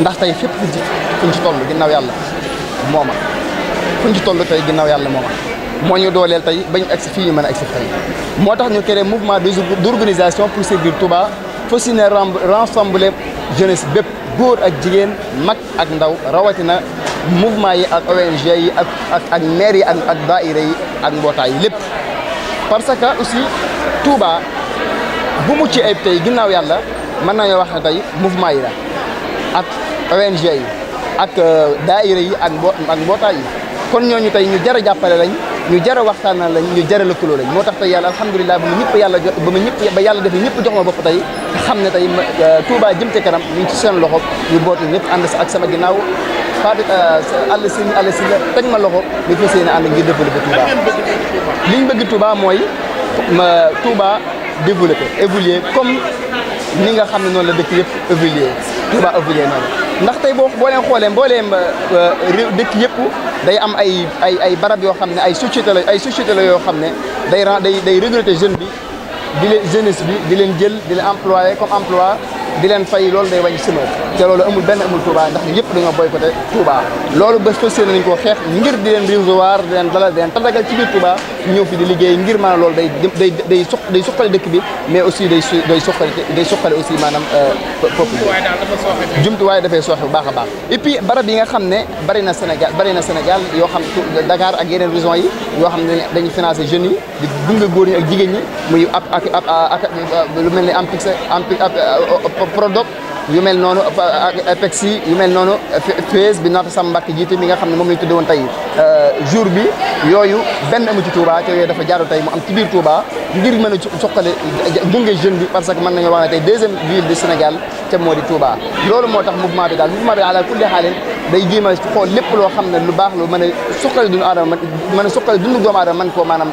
ndax tey fépp fu ci fuñ ci toll ginnaaw yàlla moo ma fuñ ci toll tey ginnaaw yàlla moo moo ñu dooleel tey bañ agsi fii ñu man a agsi tey moo tax ñu créé mouvement d'organisation pour servir Touba fas yéene rassembler jeunesse bépp góor ak jigéen mag ak ndaw rawatina mouvement yi ak ONG yi ak ak ak maire yi ak ak daayira yi ak mbootaay yi lépp parce que aussi Touba bu mucc ay tey ginnaaw yàlla mën nañoo wax ne tey mouvement yi la ak ONG yi ak euh, daayira yi ak mbo ak mbootaay yi kon ñooñu tey ñu jar a jàppale lañ ñu jar a waxtaanal lañ ñu jar a lëkkaloo lañ moo tax tey yàlla alhamdulilah ba ma ñëpp yàlla jox ba ma ñëpp ba yàlla def ñëpp jox ma bopp tey xam ne tey euh, Touba jëm kanam ñu ci seen loxo ñu booti ñëpp ànd ak sama ginnaaw Fatou àll si àll si la teg ma loxo li fas yéene ànd ngir développé Touba li ñu bëgg Touba mooy Touba développé évoluer comme ni nga xam ne noonu la dëkk yëpp évoluer Touba ëpp liggéey noonu ndax tey boo boo leen xoolee mbooleem euh, euh, réew dëkk yëpp day am ay ay ay barab yoo xam ne ay société la ay société yoo xam ne day day day recruter jeune bi di leen bi di leen jël di leen employé comme emploi di leen fay loolu day wàññi chômage te loolu amul benn amul Touba ndax ñu yëpp dañoo boycotté Touba loolu bés fas yéene nañ xeex ngir di leen recevoir di leen dalal di leen tatagal ci biir Touba ñëw fi di liggéey ngir maanaam loolu day day day suq day suqali dëkk bi mais aussi day su day suqali day suqali aussi maanaam euh, peuple bi jumtuwaay dafay sooxe bu baax a baax et puis barab nga xam ne bari na Sénégal bari na Sénégal yoo xam Dakar ak yeneen régions yi yoo xam ne dañuy financé jeunes yi di gunge góor ñi ak jigéen ñi muy ab ak ak lu mel ni Ampix Ampix euh, Prodoc yu mel noonu APEX yi yu mel noonu FES bi naata Samba Mbacke jiite mi nga xam ne moom la ñu tudde woon tey jour bi yooyu benn amu ci Touba te yooyu dafa jaaru tey mu am ci biir Touba ngir mën a suqale gunge jeune bi parce que mën nañoo wax ne tey deuxième ville du Sénégal te moo di Touba loolu moo tax mouvement bi daal mouvement bi ala kulli xaalin day jima ci xol lépp lo xamne lu bax lu mën sukkal suqali adam aadama mën a suqali dund doomu aadama mën koo maanaam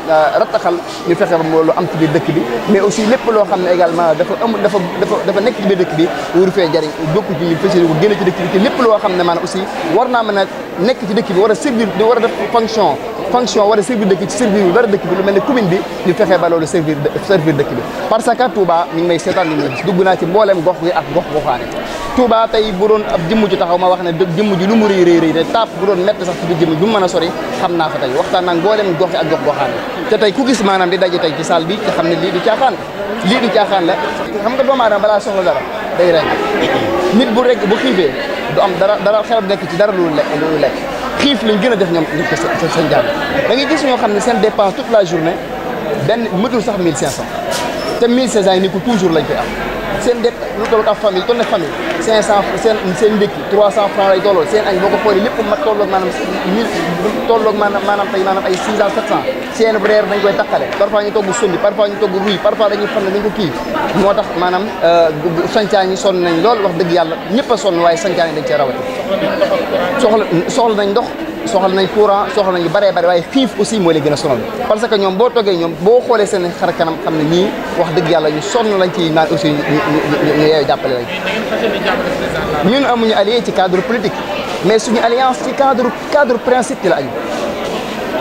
ñu fexe lu am ci bi dëkk bi mais aussi lépp lo xamne également dafa am dafa dafa dafa nekk ci bi dëkk bi wuru fee jariñ dokku ci ñu ko génn ci dëkk bi lépp lo xamne man aussi war naa mën nekk ci dëkk bi wara servir wara def fonction fonction wara servir de ki servir yu dara dëkk bi lu melni commune bi ñu fexe ba lolu servir servir dëkk bi parce que Touba mi ngi may sétane ni ñu dugg naa ci mbooleem gox gi ak gox goxane Touba tay bu doon ab jimmu ji taxaw ma wax ne jimmu ji lu mu reey reey rëy tap bu doon métti sax ci jimmu bu meuna sori xamna fa tay waxtaan na mbooleem gox ak gox goxane te tay ku gis manam di daje tay ci salle bi te xamni li lii du caaxaan lii du caaxaan la xam nga doomu aadama bala soxla dara day rek nit bu rek bu xibé du am dara dara xel nek ci dara lu lek lu lek xiif lañ gën def ñom seen jàng da ngay gis ñoo xam ne seen dépense toute la journée benn mëtul sax 1500 te 1500 yi ni ko toujours lañ koy am. seen def lu toll ak famille toll na famille cinq cent seen seen ndékki trois cent francs lay seen añ boo ko lépp mat tolloog maanaam mille tolloog maanaam maanaam tey maanaam ay six cent sept cent seen reer dañ koy takkale parfois ñu togg sundi parfois ñu togg ruy parfois dañuy fan dañ ko kii moo tax maanaam euh, sancaan yi sonn nañ lool wax dëgg yàlla ñëpp a waaye sancaan yi dañ cee rawati soxla soxla nañ ndox soxal nañ courant soxal nañ yu bare bare waaye xiif aussi mooy la gën a sonal parce que ñoom boo toggee ñoom boo xoolee seen xar kanam xam ne ñii wax dëgg yàlla ñu sonn lañ ci naan aussi ñu yeeyu jàppale lañ ñun amuñu allié ci cadre politique mais suñu alliance ci cadre cadre principe la aju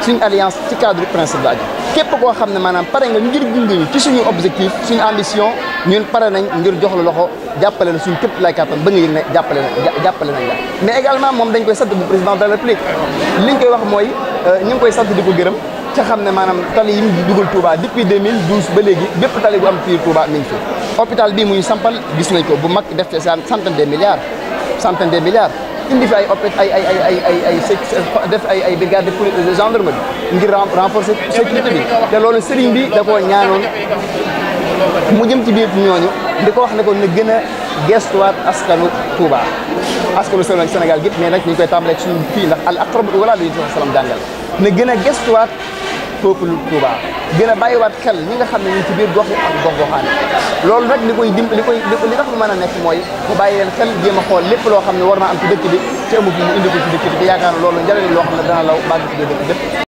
suñu alliance ci cadre principe la aju képp koo xam ne maanaam pare nga ngir gunge ñu ci suñu objectif suñu ambition ñun pare nañ ngir jox la loxo jàppale la suñu képp laay kàttan ba nga ne jàppale na jàppale nañ la mais également moom dañ koy sant bu président de la république li ñu koy wax mooy euh, ñu ngi koy sant di ko gërëm ca xam ne maanaam tali yi mu dugal Touba depuis 2012 ba léegi bépp tali bu am fii Touba mi ngi fi hôpital bii muy sampal gis nañ ko bu mag def ci centaine de milliards centaine de milliards indi fi ay opé ay ay ay ay ay ay euh, def ay ay brigade de ngir renforcer sécurité bi te loolu sëriñ bi da koo ñaanoon mu jëm ci biir ñooñu di ko wax ne ko na gën a gestuwaat askanu Touba askanu Sénégal gépp mais nag ñu koy tàmbalee ci fii ndax al aqrab wala li ñu salaam jàngal na gën a gestuwaat peuple Touba gën a bàyyiwaat xel ñi nga xam ne ñu ci biir gox yi ak gox-goxaan loolu nag li koy dim li koy li tax mu a nekk mooy mu bàyyi leen xel jéem a xool lépp loo xam ne war naa am ci dëkk bi te amu fi mu indi ko ci dëkk bi te yaakaar na loolu njëriñ loo xam ne dana law bàgg ci dëkk bi